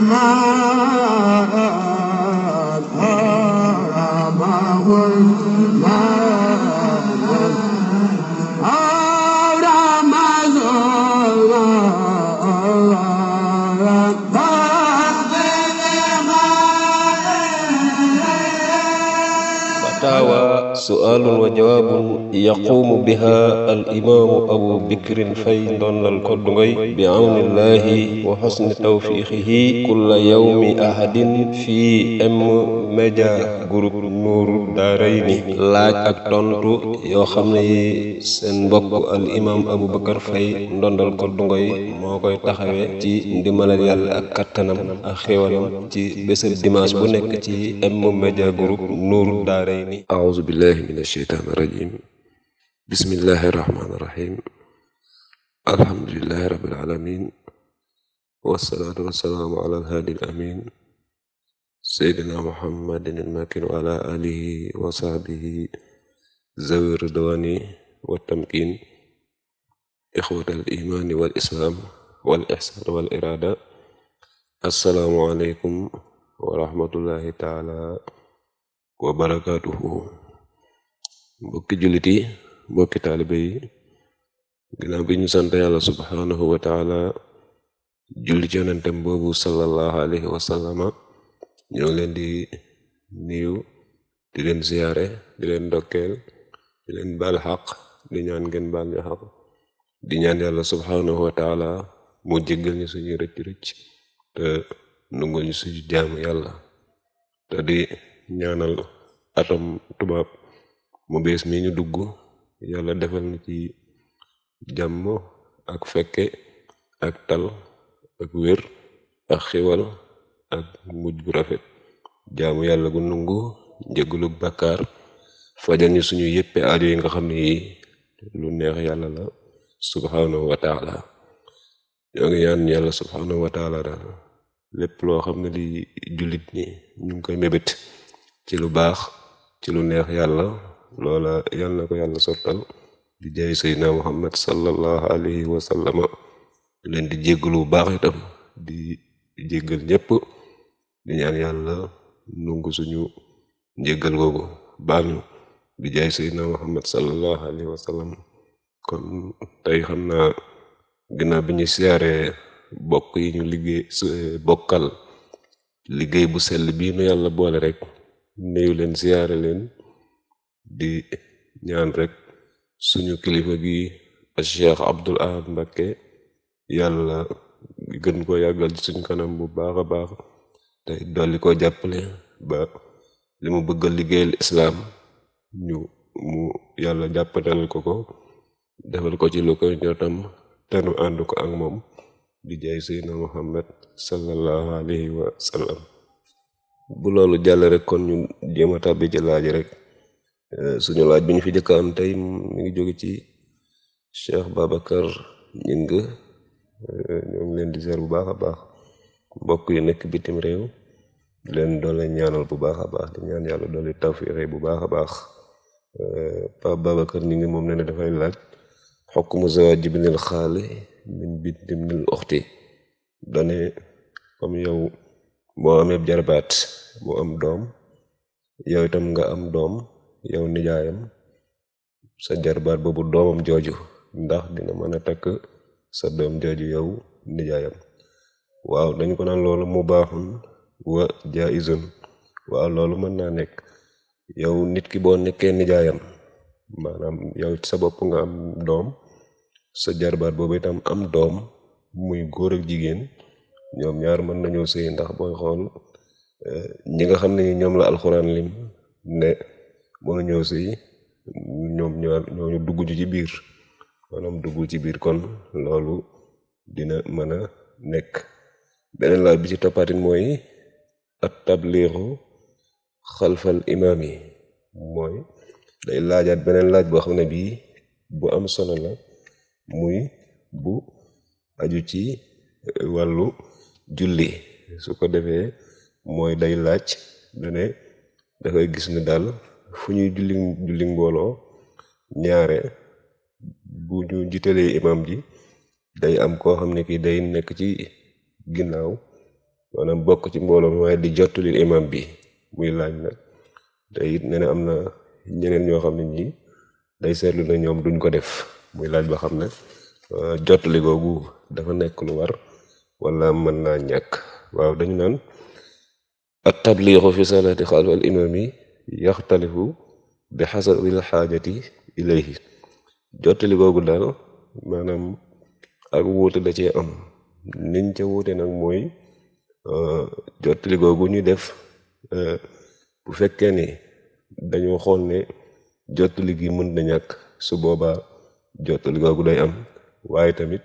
ما su'aalun wa jawaabun yaquumu biha al imaamu abu bikrin fay bi awnillahi wa xosni tawfiixihi kulla fii M Media Group Nour Daarayni laaj ak tontu yoo xam ne yi seen mbokk al imaam abu bakar fay ndondal koddu ngoy moo koy taxawee ci ndimbalal yàlla ak kattanam ak xéwalam ci bésëb dimanche bu nekk ci M Media Group Nour Daarayni sheytaani rajiim bismillahi rahmaani rahiim alhamdulillahi rabbil aalamiin wassalaatu wassalaamu alal haadil amiin seydina muhammadin al-makiin wa alaa aalihi wa sahbihi zawi ridwaani wa tamkiin ixwatal imaani wal islaam wal ixsaan wal iraada assalaamu aleykum wa rahmatullahi taala wa barakaatuhu mbokki jullit yi mbokki taalibe yi ginnaaw bi ñu sant yàlla subhaanahu wa taala boobu sallallahu alayhi wa ñoo leen di niiw di leen ziyaare di leen ndokkeel di leen baal xaq di ñaan ngeen baal ñu xaq di ñaan yàlla subhaanahu wa taala mu jéggal ñu suñuy rëcc-rëcc te nungul ñu suñu jaamu yàlla te di ñaanal atom tubaab mu bees mi ñu dugg yàlla defal na ci jàmm ak fekke ak tal ak wér ak xiwal ak mujj bu rafet jaamu yàlla gu nungu njëggalu bàkkaar fajal suñu yéppe aajo yi nga xam ni lu neex yàlla la subhanahu wa taala ñoo ngi ñaan yàlla subhanahu wa taala daal lépp loo xam ne li jullit ñi ñu ngi koy mébét ci lu baax ci lu neex yàlla loola yal na ko yàlla sottal di jaay seydina muhammad sallallahu alayhi wa sallama leen di jéggalu bu baax itam di jéggal ñépp di ñaan yàlla nungu suñu njéggal googu baal ñu di jaay seydina muhammad sallallahu alayhi wa kon tey xam na ginnaaw bi ñu siyaaree bokk yi ñu liggéey eh, bokkal liggéey bu sell bii yàlla boole rek nuyu leen siyaare leen di ñaan rek suñu kilifa gi Cheikh Abdoul Ahad Mbacké yàlla gën ko yàggal ci suñ kanam bu baax a baax te dolli ko jàppale ba li mu bëgg liggéey liggéeyal islaam ñu mu yàlla jàppanal ko ko defal ko ci lu koy ñotam te nu ànd ak moom di jaay Seydina Muhammad sallallahu wa sallam bu loolu jàll rek kon ñu jéem a tàbbi ci laaj rek Eh, suñu laaj bi ñu fi jëkkaan tey mi ngi jóge ci Cheikh Babacar Ñing eh, leen di ziar bu baax a baax mbokk yi nekk bitim réew di leen doole ñaanal bu baax a baax di ñaan yàlla doole tawfiix bu baax a baax eh, Pape Babacar Ñing moom nee na dafay laaj xokkumu zawaaj bi nil xaali min bintim nil oxti dane comme yow boo amee jarbaat boo am doom yow itam nga am doom yow nijaayam sa jarbaat boobu doomam jooju ndax dina mën a takk sa doom jooju yow nijaayam waaw dañ ko naan loolu mu baaxun wa jaizun waaw loolu mën na nekk yow nit ki boo nekkee nijaayam maanaam yow sa bopp nga am doom sa jarbaat boobu itam am doom muy góor ak jigéen ñoom ñaar mën nañoo sëy ndax booy xool eh, ñi nga xam ne ñoom la alxuraan lim ne mënu ñëw si ñoom ñoo ñooñu dugg ci biir maanaam dugg ci biir kon loolu dina mën a nekk beneen laaj bi ci toppaatin mooy at tabliixu xalfal imaam day laajaat beneen laaj boo xam ne bii bu am solo la muy bu aju ci wàllu julli su ko defee mooy day laaj dane dafay gis ne daal fu ñuy julli julli mbooloo ñaare bu ñu jitalee imam ji day am koo xam ne kii day nekk ci ginnaaw maanaam bokk ci mbooloo mi waaye di jottali imam bi muy laaj na te it nee am na ñeneen ñoo xam ne ñii day seetlu na ñoom duñ ko def muy laaj ba xam ne euh, jotli googu dafa nekk lu war wala mën naa ñàkk waaw dañu naan at tabliixu fi salaati xalfa al yi yaxtalifu bi xasabil xaajati ilayhi jottali googu daal maanaam ak wuute da cee am niñ ca wuute nag mooy euh, jottali googu ñu def euh, bu fekkee ni dañoo xool ne jottali gi mën na ñakk su boobaa jottali day am waaye tamit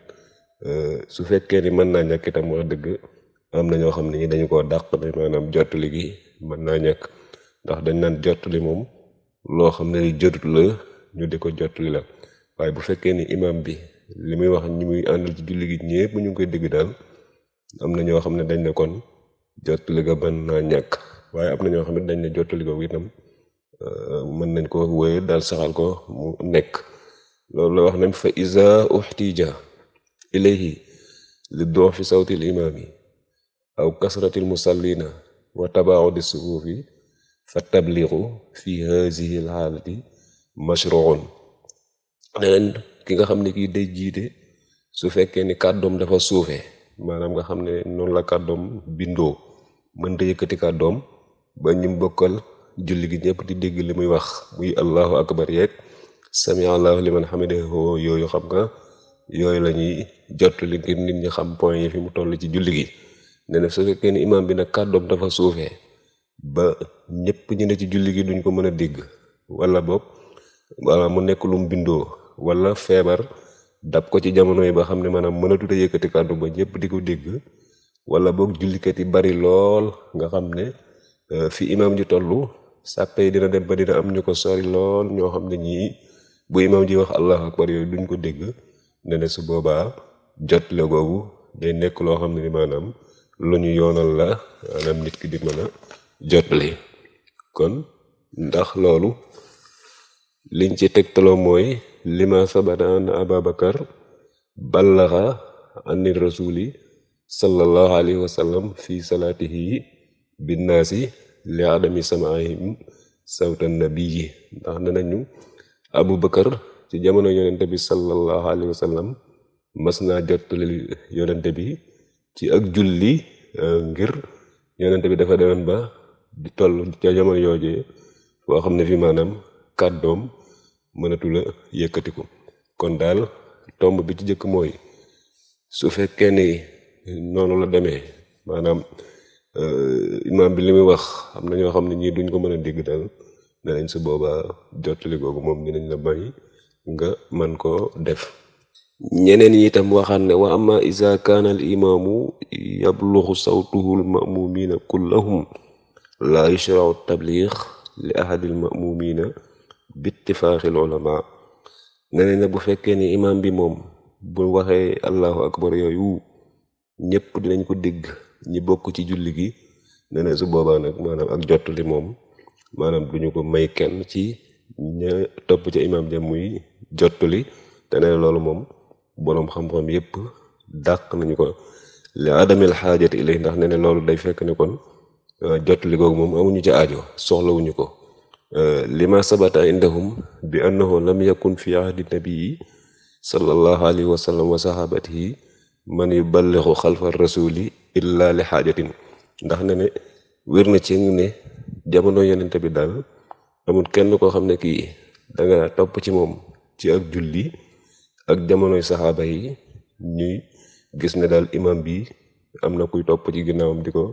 euh, su fekkee ni mën naa ñàkk itam wax dëgg am na ñoo xam ni ñi dañu koo dàq ne maanaam jottali gi mën naa ñàkk ndax dañ naan jottali moom loo xam ne jotut la ñu di ko jottali la waaye bu fekkee ni imam bi li muy wax ñi muy àndal ci julli gi ñëpp ñu ngi koy dégg daal am na ñoo xam ne dañ ne kon jottali ga mën naa ñàkk waaye am na ñoo xam ne dañ ne jottali ko itam euh, mën nañ ko wéye daal saxal ko mu nekk loolu la wax nañ fa isa uhtija ilayhi li doo fi sawtil imaam yi aw kasratil musallina wa tabaudi sufufi fa tabliixu fi hazihi l xaalati mashruun ki nga xam ne kii day jiite su fekkee ni kàddoom dafa suufee maanaam nga xam ne noonu la kàddoom bindoo mën da yëkkati doom ba ñu bokkal julli gi ñëpp di dégg li muy wax muy allahu akbar yeeg sami allahu liman hamidahu yooyu xam nga yooyu lañuy ñuy jot li ngir nit ñi xam point yi fi mu toll ci julli gi nee na su fekkee ni imaam bi nag kàddoom dafa suufee ba ñëpp ñu ne ci julli gi duñ ko mën a dégg wala boog wala mu nekk lum bindoo walla feebar dab ko ci jamono yi ba xam ne maanaam mënatut a yëkkati kàddu ba ñëpp di ko dégg wala boog jullikat yi bari lool nga xam ne euh, fi imaam ji tollu sàppe yi dina dem ba dina am ñu ko sori lool ñoo xam ne ñii bu imaam ji wax allahu akbar yooyu duñ ko dégg ne ne su boobaa jot la googu day nekk loo xam ne ni maanaam lu ñu yoonal la maanaam nit ki di mën jotali kon ndax loolu liñ ci tegtaloo mooy lima sabata an ababakar ballaxa ani rasuli sallallahu alayhi wa sallam fi salaatihi binnaasi li adami samaahim sawta nabiyi ndax ne nañu abubakar ci jamono yonente bi sallallahu alayhi wa sallam mas naa jottali yonente bi ci ak julli ngir yonente bi dafa demoon ba di toll ca jamono joojee boo xam ne fi maanaam kàddoom mënatula ko kon daal tomb bi ci njëkk mooy su fekkee ni noonu la demee maanaam euh, imaam bi li muy wax am na ñoo xam ne ñii duñ ko mën a dégg daal ne nañ su boobaa jottali googu moom dinañ la may nga man koo def ñeneen yi itam waxaan ne wa amma isa kaana al imaamu yabluxu sawtuhu al mamumiina kullahum laa yushraw tabliix li ahadil ma'mumiina bittifaaxil ulama nee nañ la bu fekkee ni imaam bi moom bu waxee allahu akbar yooyu ñépp dinañ ko dégg ñi bokk ci julli gi nee su boobaa nag maanaam ak jottali moom maanaam duñu ko may kenn ci ña topp ca imaam ja muy jottali te nee loolu moom boroom xam-xam yépp dàq nañu ko li adamil xaajati ilay ndax nee loolu day fekk ni kon Euh, jottali googu moom amuñu ci aajo soxlawuñu ko euh, lima sabata indahum bi annahu lam yakun fi ahdi nabii sallallahu alayhi wa sallam wa sahabatihi man yuballighu xalfa rasuli illa li xaajatin ndax ne ne wér na ci ne jamono yonente bi daal amul kenn koo xam ne kii danga topp ci moom ci ak julli ak jamonoy saxaaba yi ñuy gis ne daal imam bi am na kuy topp ci ginaawam di ko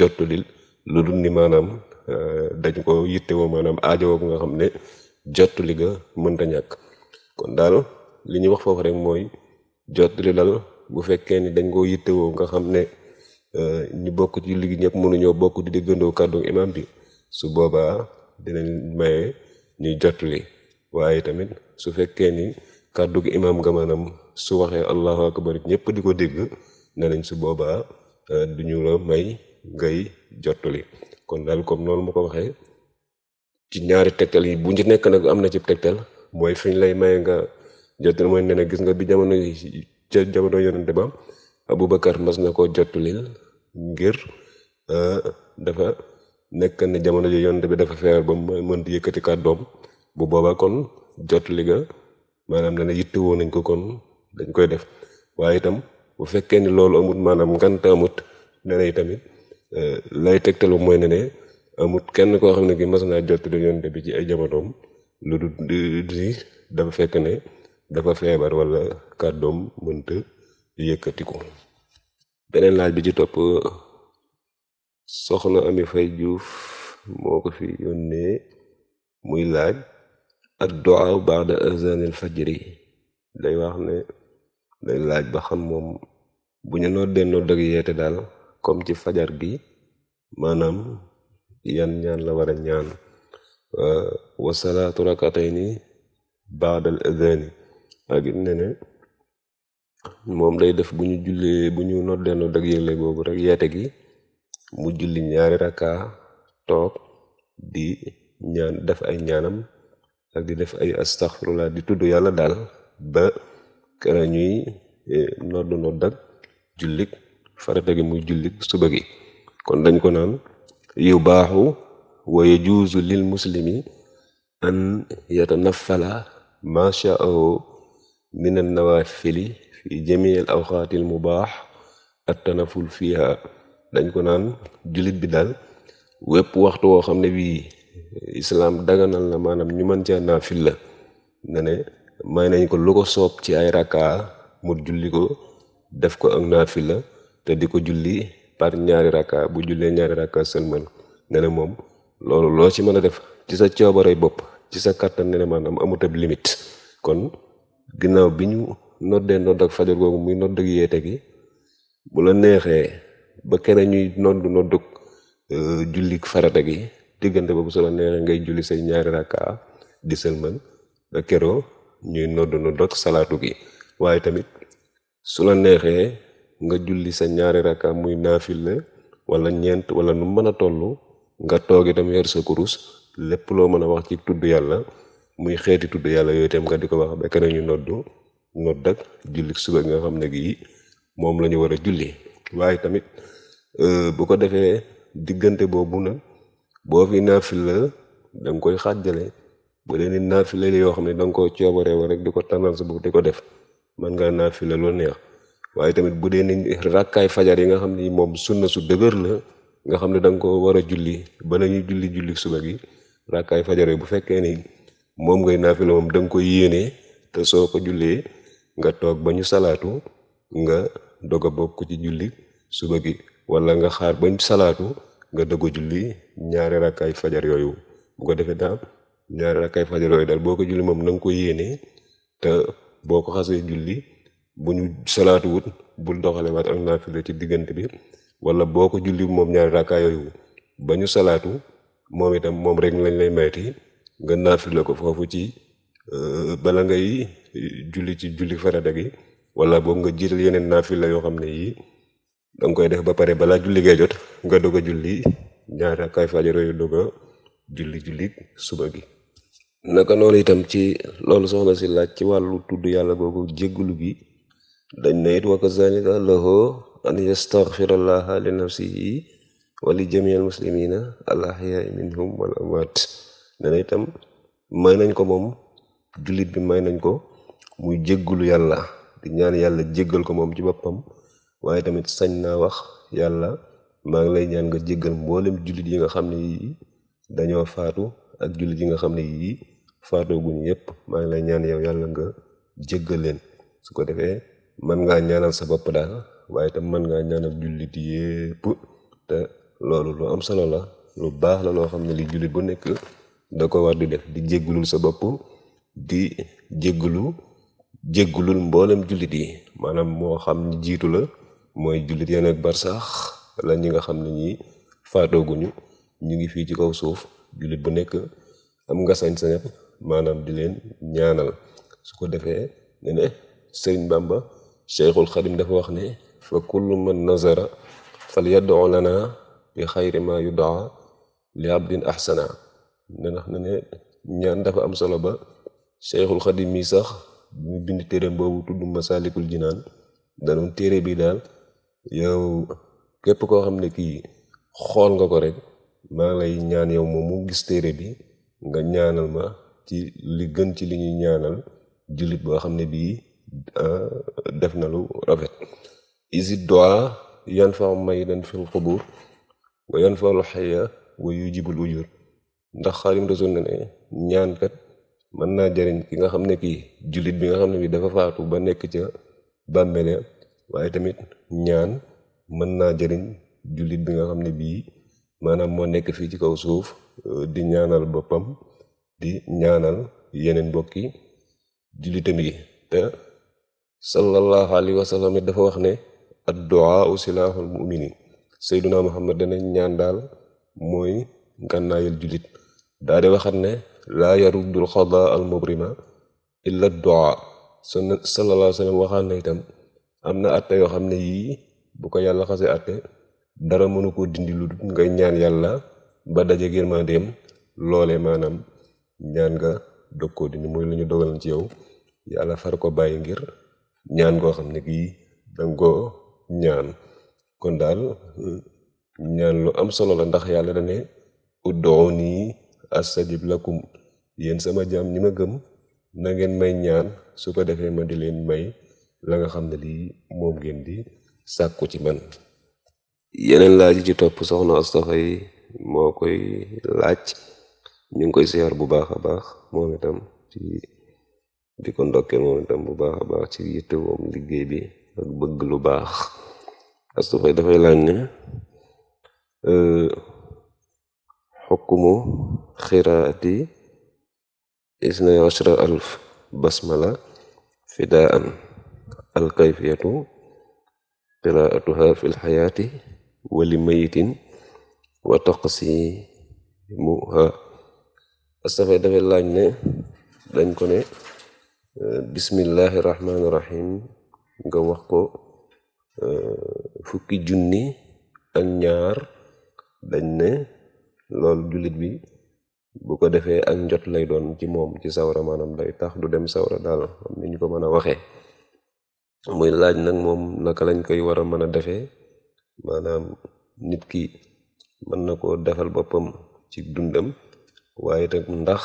jottulil lu dul ni maanaam euh, dañ ko yittewoo maanaam aajowoo bu nga xam ne jottali ga mënta ñàkk kon daal li ñuy wax foofu rek mooy jottali dal bu fekkee ni dañ koo yittewoo nga xam ne euh, ñu bokk ci julli ñëpp mënuñoo bokk di déggandoo kàddu imaam bi su boobaa dinañ maye ñuy jottali waaye tamit su fekkee ni kaddu gi imaam nga maanaam su waxee allahu akbar ñëpp di ko dégg ne nañ su boobaa euh, du ñu may ngay jottali kon daal comme loolu ma ko waxee ci ñaari tegtal yi bu ci nekk nag am na cib tegtal mooy fi lay maye nga jottali mooy ne gis nga bi jamono yi ca jamono yonante ba Aboubacar mas na ko jottalil ngir euh, dafa nekk ne jamono ji yonante bi dafa feebar ba mu mën di yëkkati kàddoom bu boobaa kon jottali ga maanaam dana yitte woon nañ ko kon dañ koy def waaye itam bu fekkee ni loolu amut maanaam ngant amut nee na Euh, lay tegtalu mooy ne ne amut kenn koo xam ne ki mas naa jot di yonte bi ci ay jamonoom lu du di dafa fekk ne dafa feebar wala kàddoom mënta yëkkatiku beneen laaj bi ci topp soxna Ami Fay Juuf moo ko fi yónnee muy laaj ak doa ba'da azanil fajri day wax ne day laaj ba xam moom bu ñu noddee nodd ak yeete daal comme ci fajar gi maanaam yan ñaan la war a ñaan euh, wa salaatu rakatayni baadal adhaani ak it ne ne moom day def bu ñu jullee bu ñu noddee nodd ak yëgle boobu rek yeete gi mu julli ñaari rakka toog di ñaan def ay ñaanam ak di def ay astaxfirullah di tudd yàlla daal ba kara ñuy eh, nodd nodd jullik farata gi muy julli suba gi kon dañ ko naan yu baaxu wa yajuuzu lil muslimi an yatanafala machaahu min an nawafili fi jamii al awqaatil mubaax at tanaful fiha dañ ko naan jullit bi daal wépp waxtu woo xam ne bii islaam daganal na maanaam ñu mën caa naafil la ne may nañ ko lu ko soob ci ay rakkaa mu julli ko def ko ak naafil la te di ko julli par ñaari rakka bu jullee ñaari rakka sëlmal ne na moom loolu loo ci mën a def ci sa coobaray bopp ci sa kàttan ne na maanaam amut ab kon ginnaaw bi ñu noddee nodd ak fajar googu muy nodd ak yeete gi bu la neexee ba kere ñuy nodd nodduk euh, jullik farata gi diggante boobu su la neexee ngay julli say ñaari rakka di sëlmal ba keroo ñuy salaatu gi waaye tamit su la neexee nga julli sa ñaari rakka muy la wala ñeent wala nu mën a toll nga toog itam yor sa kurus lépp loo mën a wax ci tudd yàlla muy xeeti tudd yàlla yooyu itam di ko wax ba keneen ñu noddu nodd ak julli suba nga xam ne gii moom la war a julli waaye tamit euh, bu ko defee diggante boobu nag boo fi naafila la nga koy xàjjale bu dee ni naafila yoo xam ne da nga ko coobaree rek di ko tànnal sa bopp di ko def mën ngaa la lu neex waaye tamit bu dee ni rakkaay fajar yi nga xam ni moom sunna su dëgër la nga xam ne danga ko war a julli ba nañu julli julli suba gi rakkaay fajar yi bu fekkee ni moom ngay naafila moom da ko yéenee te soo ko jullee nga toog ba ñu salaatu nga dog a bokk ci julli suba gi wala nga xaar ba ñu salaatu nga dog a julli ñaari rakkaay fajar yooyu bu ko defee daal ñaari rakkaay fajar yooyu daal boo ko julli moom na nga ko yéenee te boo ko xasee julli bu ñu salaatu wut bul doxale waat ak naafila ci diggante bi wala boo ko julli moom ñaari rakkaa yooyu ba ñu salaatu moom itam moom rek lañ lay mayti nga naafila ko foofu ci euh, bala ngay julli ci julli farata gi wala boobu nga jiital yeneen naafila yoo xam ne yii danga koy def ba pare balaa julli jot nga doog a julli ñaari rakkaay julli julli suba gi naka noonu itam ci loolu soxna si laaj ci wàllu tudd yàlla googu jéggulu gi dañ ne it wa kazalika lahu an yastaghfira allaha li nafsihi wa li jamii al muslimina al ahyaai minhum wal amwaat ne na may nañ ko moom jullit bi may nañ ko muy jéggulu yàlla di ñaan yàlla jéggal ko moom ci boppam waaye tamit sañ na wax yàlla maa ngi lay ñaan nga jéggal mboolem jullit yi nga xam ne yii dañoo faatu ak jullit yi nga xam ne yii faatoo yépp maa ngi lay ñaan yow yàlla nga jéggal leen su ko defee mën ngaa ñaanal sa bopp daal waaye itam mën ngaa ñaanal jullit yépp te loolu lu am solo la lu baax la loo xam ne li jullit bu nekk da ko war di def di jéggulul sa bopp di jéggulu jéggulul mboolem jullit yi maanaam moo xam ñi jiitu la mooy jullit ya nekk barsax la ñi nga xam ne ñi faatooguñu ñu ngi fii ci kaw suuf jullit bu nekk am nga sañ maanaam di leen ñaanal su ko defee ne ne Sëriñ Bàmba cheikhul xadim dafa wax ne fa kullu man nazara fal yaddu lana bi xayri ma yudaa li abdin ahsana ne ndax ne ñaan dafa am solo ba cheikhul xadim mi sax mu bind téere boobu tudd masaalikul jinaan danoon téere bi daal yow képp koo xam ne kii xool nga ko rek maa ngi lay ñaan yow moom mu gis téere bi nga ñaanal ma ci li gën ci li ñuy ñaanal jullit boo xam ne bii Euh, def na lu rafet isid yan fa maydan fil xubur wa yan fa lu yu jibul ujur ndax xaarim rasul na ne ñaankat mën naa jariñ ki nga xam ne ki jullit bi nga xam ne bii dafa faatu ba nekk ca bàmmele waaye tamit ñaan mën naa jariñ jullit bi nga xam ne bii maanaam moo nekk fii ci kaw suuf euh, di ñaanal boppam di ñaanal yeneen mbokki jullitam yi te sallallahu alayhi wa sallam it dafa wax ne adduaa silaahul muminin sayduna muhammad dana ñaan daal mooy ngànnaayal jullit daa di waxat ne laa yaruddul xada al mubrima illa duaa sn sallallahu alayhi wa sallam waxaat na itam am na atte yoo xam ne yii bu ko yàlla xase atte dara mënu ko dindi lu ngay ñaan yàlla ba daje yërmandeem loole maanaam ñaan nga dog koo dindi mooy lu ñu dogal ci yow yàlla far ko bàyyi ngir ñaan koo xam ne gii danga koo ñaan kon daal ñaan lu am solo la ndax yàlla ne dane ud'uuni astajib lakum yéen sama jaam ñi ma gëm na ngeen may ñaan su ko defee ma di leen may la nga xam ne lii moom ngeen di sàkku ci man yeneen laaj yi ci topp soxna Astofa yi moo koy laaj ñu ngi koy siyaar bu baax a baax moom itam di ko ndokkee moom itam bu baax a baax ci yitte woom liggéey bi ak bëgg lu baax astufay dafay laaj ne xukkumu euh, xiraati isnay ashra alf basmala fidaan alkayfiyatu qiraatuha fi lxayaati wali mayitin wa taqsimuha astufay dafay laaj ne dañ ko ne bismillahi rahmaani rahim nga wax ko euh, fukki junni ak ñaar dañ ne loolu jullit bi bu ko defee ak njot lay doon ci moom ci sawra maanaam day tax du dem sawra daal am ni ñu ko mën a waxee muy laaj nag moom naka lañ koy war a mën a defee maanaam nit ki mën na ko defal boppam ci dundam waaye itam ndax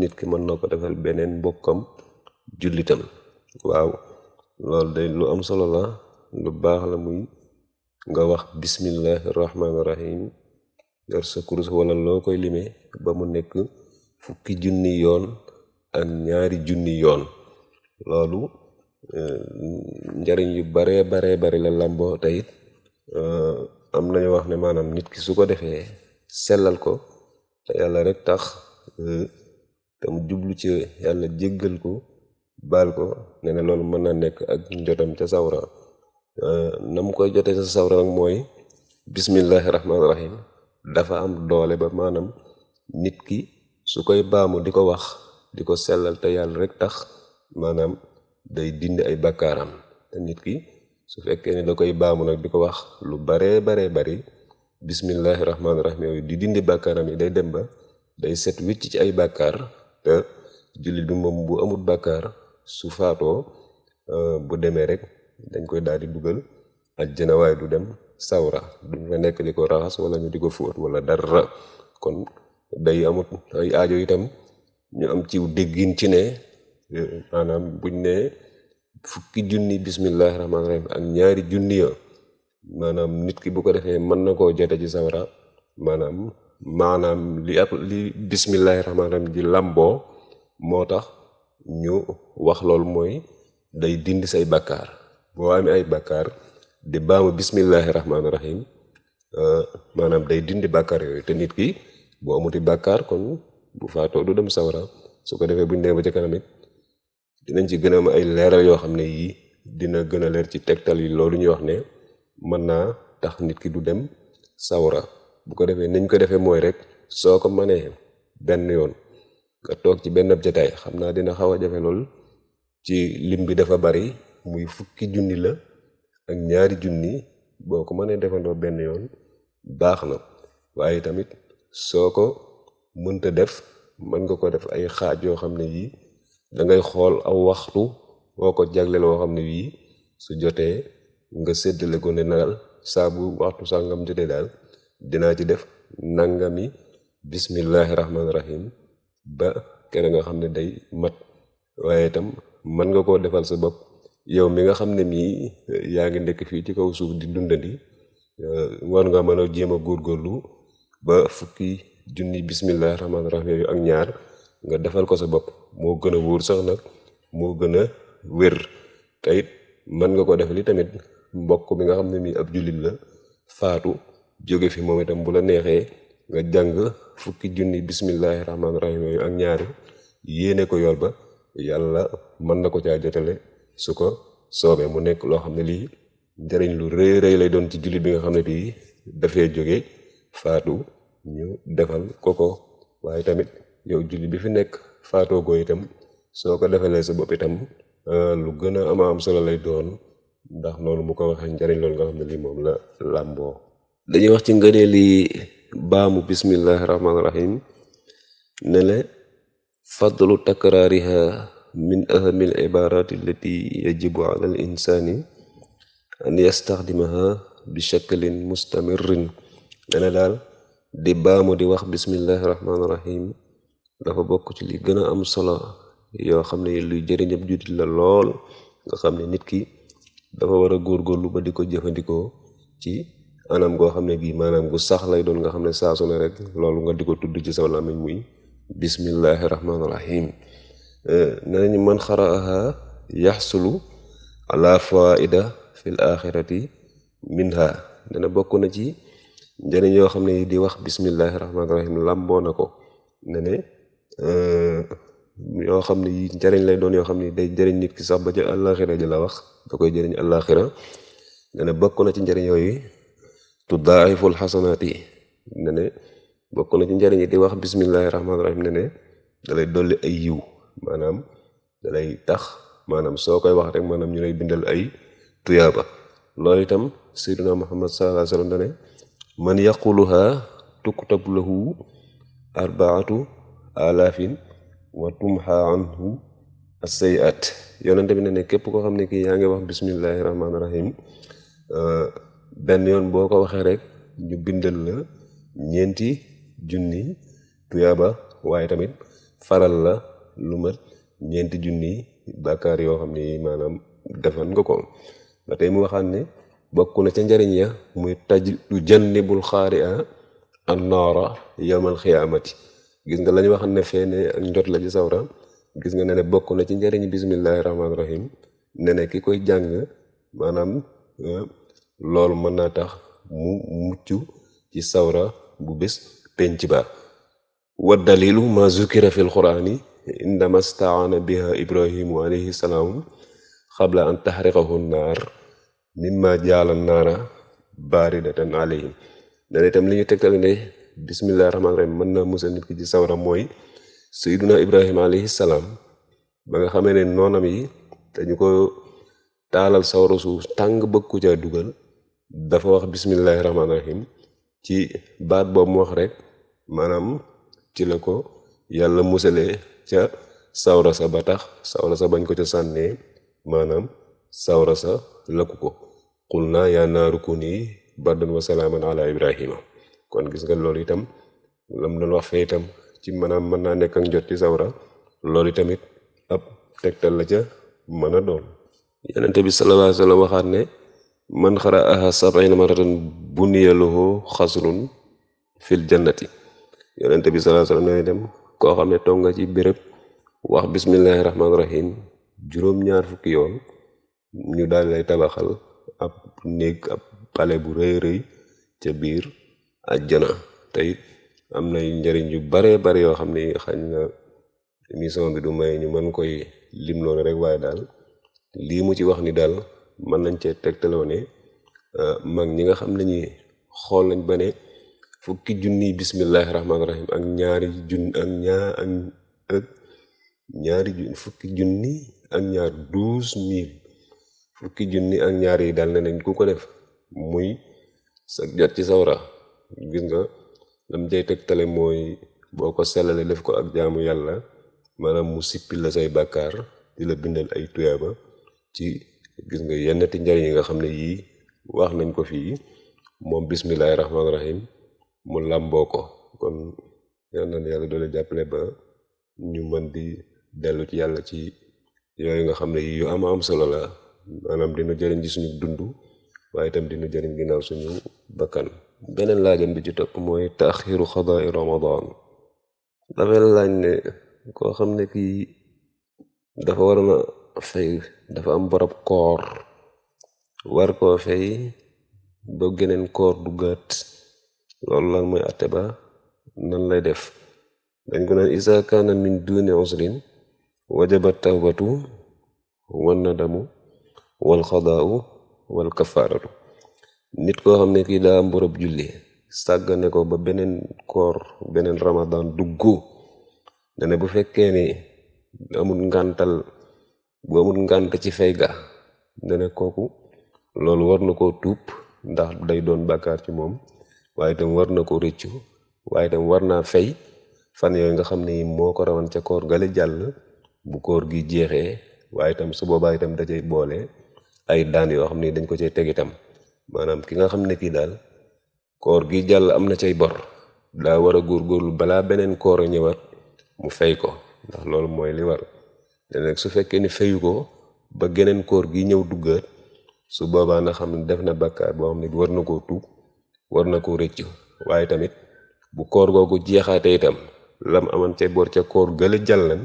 nit ki mën na ko defal beneen bokkam jullitam waaw loolu day lu am solo la lu baax la muy nga wax bismillahi rahmaani rahim sa kurus wala loo koy limee ba mu nekk fukki junni yoon ak ñaari junni yoon loolu e, njariñ yu baree bare bari la làmboo tey e, am nañu wax ne maanaam nit ki su ko defee sellal ko te yàlla rek tax e, te mu jublu ci yàlla jéggal ko baal ko ne na loolu mën na nekk ak jotam ca sawra euh, na mu koy jotee sawra nag mooy bismillahi rahmaani rahim dafa am doole ba maanaam nit ki su koy baamu di ko wax di ko sellal te yàlla rek tax maanaam day dindi ay bakkaaram te nit ki su fekkee ne da koy baamu nag di ko wax lu baree baree bari bismillahi rahmaani rahim yooyu di dindi bakkaaram yi day dem ba day set wicc ci ay bakkaar te jullit bi moom bu amul bakkaar su faatoo euh, bu demee rek dañ koy daal di dugal àjjana waaye du dem sawra duñ fa nekk di ko raxas wala ñu di ko fóot wala dara kon day amut ay aajo itam ñu am ciw déggin ci ne euh, maanaam buñ ne fukki junni bismillahi rahmaani rahim ak ñaari junni maanaam nit ki bu ko defee mën na koo jote ci sawra maanaam maanaam li ab li bismillahi rahmaani rahim ji làmboo moo tax ñu wax loolu mooy day dindi say bàkkaar boo amee ay bàkkaar di baamu bismillahi rahmaani rahim euh, maanaam day dindi bàkkaar yooyu te nit ki boo amuti bakkaar kon bu faatoo du dem sawara su ko defee buñ demee ba ca kanam it dinañ ci gën a am ay leeral yoo xam ne yii dina gën a leer ci tegtal yi loolu ñuy wax ne mën naa tax nit ki du dem sawara bu ko defee niñ ko defee mooy rek soo ko mënee benn yoon nga toog ci benn jataay xam naa dina xaw a jafe lool ci lim bi dafa bari muy fukki junni la ak ñaari junni boo ko mënee defandoo benn yoon baax na waaye tamit soo ko mënta def mën nga ko def ay xaaj yoo xam ne yii da ngay xool aw waxtu woo ko jagleel woo xam ne yii su jotee nga séddale ko ne naal saa bu waxtu sàngam jotee daal dinaa ci def nangami bismillahi rahmaani rahim ba kere nga xam ne day mat waaye itam mën nga koo defal sa bopp yow mi nga xam ne mii eh, yaa ngi nekk fii ci kaw suuf di dundandi eh, war nga mën a jéem a góorlu ba fukki junni bisimilah rahmaani rahiim ak ñaar nga defal ko sa bopp moo gën a wóor sax nag moo gën a wér te it mën nga ko defal li tamit mbokk mi nga xam ne mii ab julit la faatu jóge fi moom itam bu la neexee. nga jàng fukki junni bismillahi rahmaani rahim yooyu ak ñaari yéene ko yool ba yàlla mën na ko caa jotale su ko soobee mu nekk loo xam ne lii njëriñ lu rëy rëy lay doon ci julli bi nga xam ne bii dafee jóge faatu ñu defal ko ko waaye tamit yow julli bi fi nekk faatoo ko itam soo ko defalee sa bopp itam euh, lu gën a ama am solo lay doon ndax noonu mu ko waxee njariñ loolu nga xam ne lii moom la làmboo dañuy wax ci ngëneel yi baamu bismillahi rahmaani rahim ne le fadlu takraariha min ahamil ibarati allati yajibu ala al insani an yastaxdimaha bi shaklin mustamirin ne le daal di baamu di wax bismillahi rahmaani dafa bokk ci li gën a am solo yoo xam ne luy jëriñam juuti la lool nga xam ne nit ki dafa war a góorgóorlu ba di ko jëfandikoo ci anam goo xam ne gii maanaam gu sax lay doon nga xam ne saa ne rek loolu nga di ko tudd ci sa làmmiñ muy bismillahi rahmaani rahim nee nañu man xaraaha yaxsulu na ci njëriñ yoo xam ne di wax bismillahi rahmaani rahim làmboo na eh, xam ne yi njëriñ lay doon yoo xam ne day jëriñ nit sax ba ci àllaaxira ji la wax da koy jëriñ àllaaxira ne ne bokk na ci njëriñ yooyu tuddaa'iful xasanaati ne ne bokk na ci njëriñ di wax bismillahi rahmaani rahim ne ne dalay dolli ay yiw maanaam dalay tax maanaam soo koy wax rek maanaam ñu lay bindal ay tuyaaba loolu itam sayyiduna muhammad sallallahu alayhi wasallam ne man yaquluha tuktab lahu arbaatu alaafin wa tumha anhu as-sayyi'at yonente bi ne ne képp koo xam ne kii yaa ngi wax bismillahi rahmaani euh, benn yoon boo ko waxee rek ñu bindal la ñeenti junni tuyaaba waaye tamit faral la lu mat ñeenti junni bàkkaar yoo xam ni maanaam defan nga ko ba tey mu waxaat ne bokk na ca njariñ ya muy taj du jannibul xaari a an naara yawmal xiyaamati gis nga lañu waxam ne fee ak njot la ci sawra gis nga ne ne bokk na ci njariñ bismillahi rahmaani rahim ne ki koy jàng maanaam euh, loolu mën na tax mu mucc ci sawra bu bis penc ba wa dalilu ma zukira fi lquraani indama staana biha ibrahimu alayhi xabla an taxriqahu naar mimma jaala naara baaridatan alayhim dana itam li ñu tegtal ne bismillahi rahmaani rahim mën naa musal nit ki ci mooy sayduna ibrahima salaam ba nga xamee ne noonam yi dañu ko taalal sawra su tàng bëgg ku caa dugal dafa wax bismillahi rahmaani rahim ci baat boobu mu wax rek maanaam ci la ko yàlla musalee ca sawra sa ba tax sawra sa bañ ko ca sànnee maanaam sawra sa lakku ko qul naa yaa naaru kuni bardan wa salaaman ala ibrahima kon gis nga loolu itam lam doon wax fee itam ci maanaam mën naa nekk ak njot ci sawra loolu tamit ab tegtal la ca mën a doon yonente bi sallallahu waxaat ne man xaraaha sabina maratan buniya lahu xasrun fil jannati yonente bi sallallahu alayhi wasallam dem koo xam ne toog nga ci béréb wax bismillahi rahmaani rahim juróom-ñaar fukki yoon ñu daal lay tabaxal ab néeg ab pale bu rëy rëy ca biir ajjana tey am na njëriñ yu bare bare yoo xam ne xañ na émission bi du may ñu mën koy lim loolu rek waaye daal lii mu ci wax ni daal mën nañ cee tegtaloo ne euh, mag ñi nga xam ne ñi xool nañ ba ne fukki junniy bismillahi rahmaani rahim ak ñaari junni ak ñaar ak ñaari fukki junni ak ñaar douze ak ñaar yi daal ne nañ ku ko def muy sa jot ci sawra gis nga lam cay tegtale mooy boo ko sellale def ko ak jaamu yàlla maanaam mu sippil la say bàkkaar di la bindal ay tuyaaba ci gis nga ti njariñ yi nga xam ne yii wax nañ ko fii moom bismillahi rahmaani rahim mu làmboo ko kon yal na yàlla doole jàppale ba ñu mën di dellu ci yàlla ci yooyu nga xam ne yii yu am am solo la maanaam dina jëriñ ci suñu dund waaye itam dina jëriñ ginnaaw suñu bakkan beneen laajam bi ci topp mooy taaxiru xadaai ramadan dafay laaj ne koo xam ne kii dafa waroon fay dafa am borob koor war koo fay ba geneen koor du gaat loolu lan mooy atte ba nan lay def dañ ko naan isa kaana min duni usrin wajaba tawbatu wan nadamu wal xadaau wal kafaaratu nit koo xam ne kii daa am borob julli sàggane ko ba beneen koor beneen ramadan dugg dane bu fekkee ne amul ngàntal bu amul ngànt ci fay ga dana kooku loolu war na koo tuub ndax day doon bàkkaar ci moom waaye itam war na ko rëccu waaye itam war naa fay fan yooyu nga xam ne moo ko rawan ca koor la jàll bu koor gi jeexee waaye itam su boobaa itam da cay boole ay daan yoo xam ne dañ ko cay teg itam maanaam ki nga xam ne kii daal koor gi jàll am na cay bor daa war a góorgóorlu balaa beneen koor a ñëwaat mu fay ko ndax loolu mooy li war léeg su fekkee ni fayu ko ba geneen koor gi ñëw duggaat su boobaa na xam ne def na bakkaar boo xam ne war na koo tuub war na koo rëcc waaye tamit bu koor googu jeexaatee itam lam amoon ca boor ca koor gëla jàllan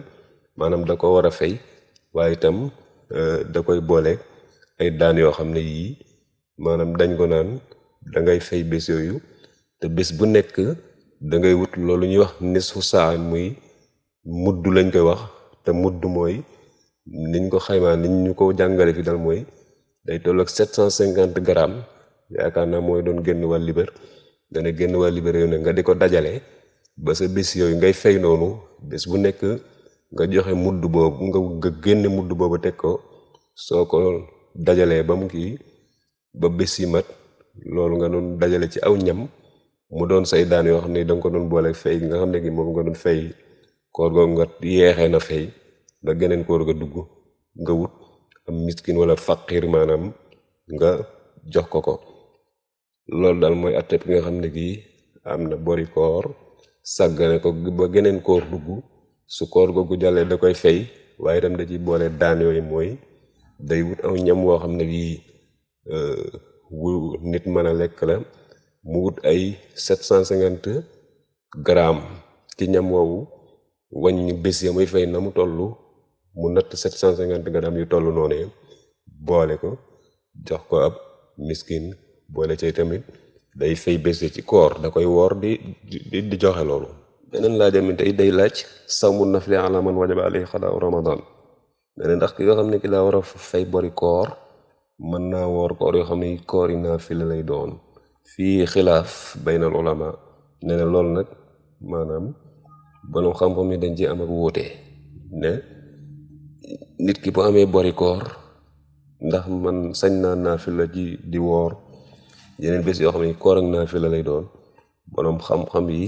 maanaam da ko war a fay waaye itam euh, da koy boole ay daan yoo xam ne yii maanaam dañ ko naan da ngay fay bés yooyu te bés bu nekk da ngay wut loolu ñuy wax nisfu saa muy mudd lañ koy wax te mudd mooy niñ ko xaymaa niñ ñu ko jàngale fii dal mooy day toll ak sept cent cinquante grammes yaakaar naa mooy doon génn waa libar dana génn waa libar yooyu nag nga di ko dajale ba sa bis yooyu ngay fay noonu bés bu nekk nga joxe mudd boobu nga génne mudd boobu teg ko soo ko dajalee ba mu kii ba bés yi mat loolu nga doon dajale ci aw ñam mu doon say daan yoo xam ne danga ko doon boole fay nga xam ne gi moom nga doon fay koor googu nga yeexee na fay ba geneen koor ga dugg nga wut am miskin wala faqir maanaam nga jox ko ko loolu daal mooy atte bi nga xam ne gii am na bori koor sàggane ko ba geneen koor dugg su koor googu jàllee da koy fay waaye itam da ciy boole daan yooyu mooy day wut aw ñam woo xam ne bii euh, nit mën a lekk la mu wut ay 750 grammes ci ñam woowu wàññi bés ya muy fay na mu tollu mu natt sept cent cinquante grammes yu toll noonee boole ko jox ko ab miskin boole cay tamit day fay bés ci koor da koy woor di di di joxe loolu beneen laajam mi tey day laaj sawmu nafli ala man wajaba alayhi xadaaw ramadan ne ne ndax ki yoo xam ne ki daa war a fay bori koor mën naa woor koor yoo xam ne koor yi naa fi la lay doon fii xilaaf baynal ulama ne ne loolu nag maanaam borom xam-xam yi dañ ci am ak wuute ne nit ki bu amee bori ndax man sañ naa la ji di woor yeneen bés yoo xam ne koor ak naafila lay doon borom xam-xam yi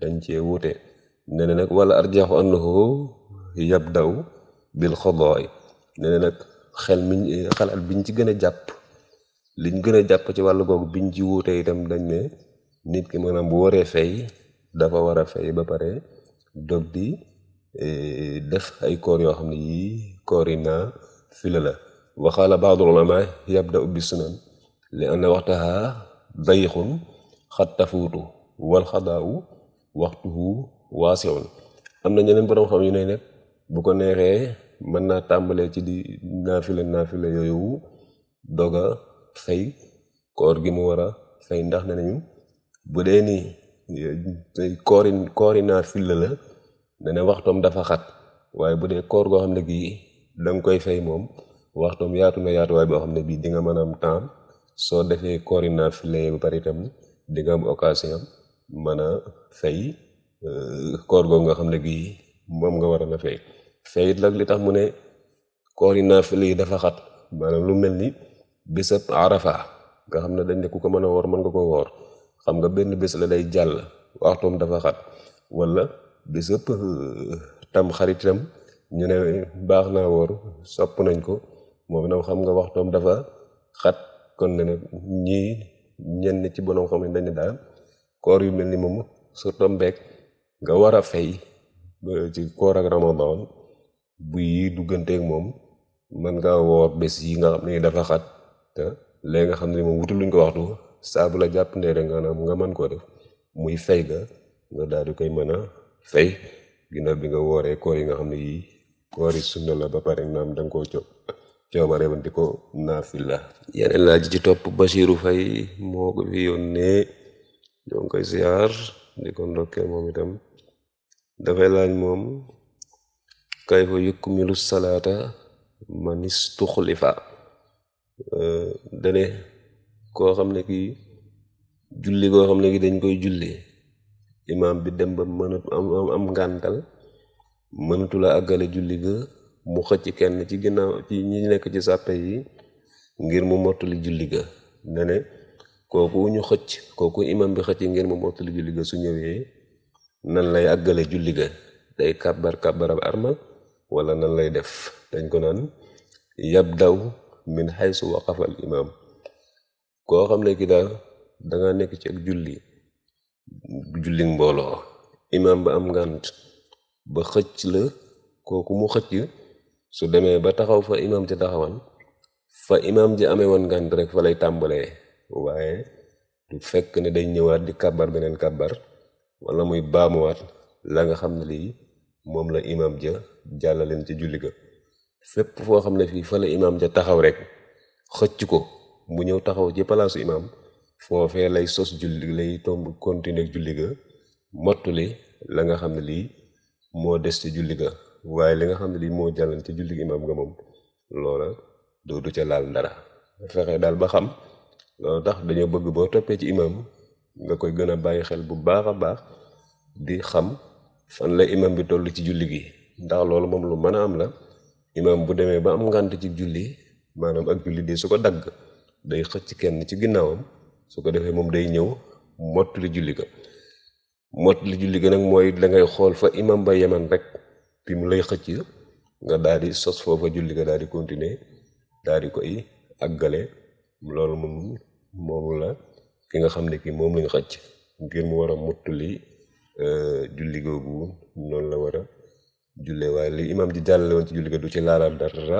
dañ cee wuute nee na nag wala arjaaxu annahu yabdaw bil xodooy nee na nag xel mi xalaat biñ ci gën a jàpp liñ gën a jàpp ci wàllu googu biñ ci wuute itam dañ ne nit ki maanaam bu waree fay dafa war a fay ba pare dog di Eh, def ay koor yoo xam ne yii koori naa fila la waxaala baadul da yabda ubbi sunan li anna waxtaha dayixun xat tafuutu wal xadaawu waxtuhu waasiun am na ñeneen borom xam yu ne nag bu ko neexee mën naa tàmbalee ci di naafila naafila yooyu doog a fay koor gi mu war a fay ndax ne nañu bu dee ni eh, koori koori naafila la dane waxtoom dafa xat waaye bu dee koor goo xam ne gii danga koy fay moom waxtoom yaatu na yaatuwaay boo xam ne bii di nga mën a am temps soo defee koori naafile ba pare di nga am occasion mën a fay euh, koor googu nga xam ne gii moom nga war a na fay fayit nag li tax mu ne koor yi naafile yi maanaam lu mel ni bésab arafa nga xam ne dañ de ku ko mën a woor mën nga ko woor xam nga benn bis la day jàll waxtoom dafa xat wala bisëpp euh, tam xaritam ñu ne baax naa woor sopp nañ ko moom itam xam nga waxtoom dafa xat kon ne ñi ñii ñenn ci borom xam ne dañu daal koor yu mel ni moom surtout mbeeg nga war a fay ci koor ak ramadan yi dugganteeg moom mën ngaa woor bés yi nga xam ne dafa xat te léegi nga xam ne moom wutul luñ ko waxtu saabu la jàpp ndee rek nga mën koo def muy fay ga nga daal di koy mën a fay ginnaaw bi nga wooree koor yi nga xam ne yii koor sunna la ba pare naam da nga koo co di ko naafila yeneen laaj ci topp Basiiru Fay moo ko fi yónnee ñoo ngi koy siyaar di ko ndokkee moom itam dafay laaj moom kayfa yukmilu salaata manis tuxlifa dane koo xam ne kii julli koo xam ne ki dañ koy julli imaam bi dem ba mënatu am am ngàntal mënatu la àggale julli ga mu xëcc kenn ci ginnaaw ci ñi nekk ci sàppe yi ngir mu mottali julli ga ne ne kooku ñu xëcc kooku imaam bi xëcc ngir mu mottali julli ga su ñëwee nan lay àggale julli ga day kàbbar kàbbarab armal wala nan lay def dañ ko naan yabdaw min xaysu waqafa al imaam koo xam ne ki daal danga nekk ci ak julli julli mbooloo imaam ba am ngànt ba xëcc la kooku mu xëcc su demee ba taxaw fa imaam ja taxawan fa imaam ja amee woon ngànt rek fa lay tàmbalee waaye du fekk ni day ñëwaat di kàbbar beneen kàbbar walla muy baamuwaat la nga xam ne lii moom la imaam ja jàllaleen ca julli ga fépp foo xam ne fii fa la imaam ja taxaw rek xëcc ko mu ñëw taxaw ci palaasu imaam foofee lay sos julli lay tomb continuer julli ga mottuli la nga xam ne lii moo des ci julli ga waaye li nga xam ne lii moo jàllan ci julli ga imaam nga moom loola doo du ca laal dara fexe daal ba xam loolu dañoo bëgg boo toppee ci imaam nga koy gën a bàyyi xel bu baax a baax di xam fan la bi toll ci julli gi ndax loolu moom lu mën a am la imaam bu demee ba am ngànt ci julli maanaam ak julli di su ko dagg day xëcc kenn ci ginnaawam su ko defee moom day ñëw mottali julli ga mottali julli ga nag mooy da ngay xool fa imam ba yeman rek pii mu lay xëcc nga daal di sos foofa julli ga daal di continuer daal di koy àggale loolu moom moom la ki nga xam ne kii moom lañ xëcc ngir mu war a mottali euh, julli googu noonu la war a julle waaye li imam ji jàllale ci julli du ci laalaal dara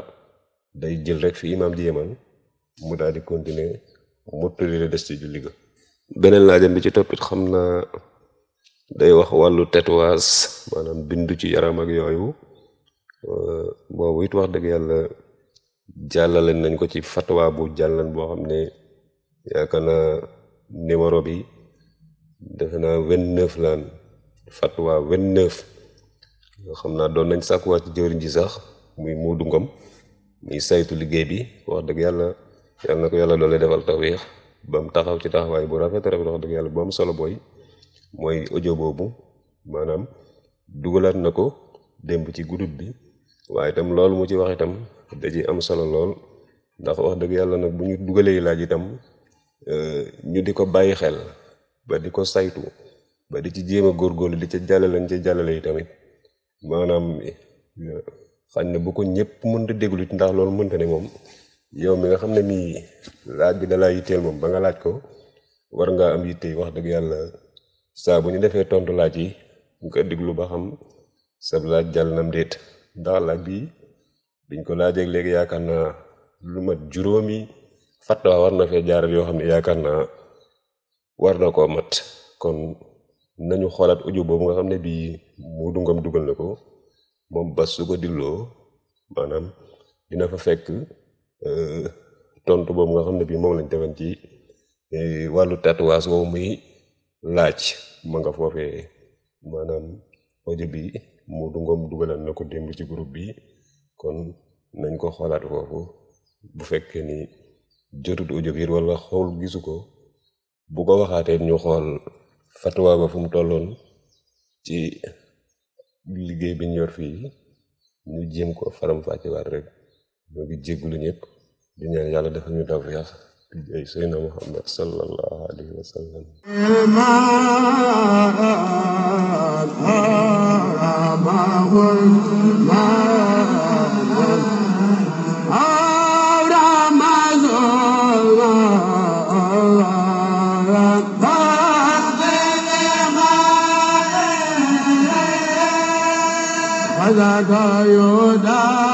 day jël rek fi imam ji yeman mu daal di continuer mottali la des ci julli ga beneen laajam bi ci toppit xam naa day wax wàllu tatouage maanaam bindu ci yaram ak yooyu boobu it wax dëgg yàlla jàllale nañ ko ci fatwa bu jàllan boo xam ne yaakaar naa numéro bi defe naa vingt neuf laan fatwa vingt neuf xam naa doon nañ sàkkuwaat ci jëwriñ ji sax muy muudu ngom muy saytu liggéey bi wax dëgg yàlla yal na ko yàlla doole defal tawfiix ba mu taxaw ci taxawaay bu rafet rafet wax dëgg yàlla bu am solo booy mooy audio boobu maanaam dugalaat na ko démb ci groupe bi waaye itam loolu mu ci wax itam da ci am solo lool ndax wax dëgg yàlla nag bu ñu dugalee laaj itam euh, ñu di ko bàyyi xel ba di ko saytu ba di ci jéem a góorgóorlu di ca jàllale ñu ca jàllale yi tamit maanaam euh, xañ na bu ko ñëpp mënta déglu ndax loolu mënta ne moom yow mi nga xam ne nii laaj bi dalaa yitteel moom ba nga laaj ko war ngaa am yitte wax dëgg yàlla saa bu ñu defee tontu laaj yi ñu ko déglu ba xam sab laaj jàll nam déet ndax laaj bi biñ ko laajeeg léegi yaakaar naa lu mat juróomi fatwa war na fee jaaral yoo xam ne yaakaar naa war na koo mat kon nañu xoolaat audio boobu nga xam ne bii Modou Ngom dugal na ko moom bas su ko dilloo maanaam dina fa fekk Euh, tontu boobu nga xam ne bii moom lañ defoon ci wàllu tatouage woowu muy laaj ma nga foofee maanaam audio bi Modou Ngom na ko démb ci groupe bi kon nañ ko xoolaat foofu bu fekkee ni jotut audio bi wala xool gisu ko bu ko waxaatee ñu xool fatwa ba fu mu tolloon ci liggéey bi ñu yor fii ñu jéem ko faram fàccewaat rek ñoo ngi jéggulu ñëpp di ñaan yàlla defal ñu daw yàlla di jay Seydina Muhammad sallallahu alayhi wa sallam Hallelujah.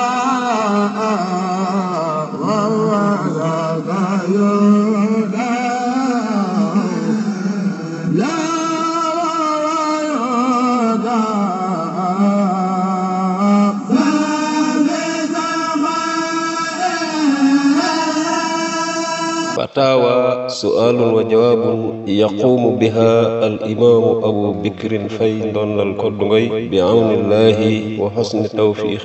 suaalun wa jawaabun yaquumu biha al fay ndondal koddu ngoy bi awnillahi wa xosni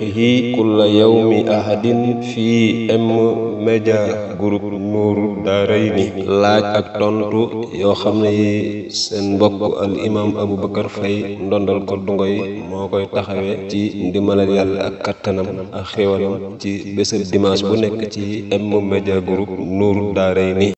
fii M Media laaj ak tontu yoo xam ne yi seen mbokk al imaam abu bakar fay ndondal koddu ngoy moo koy taxawee ci ndimbalal yàlla ak kattanam ak xéwalam ci bésëb dimanche bu nekk ci M Media Group Nour Daarayni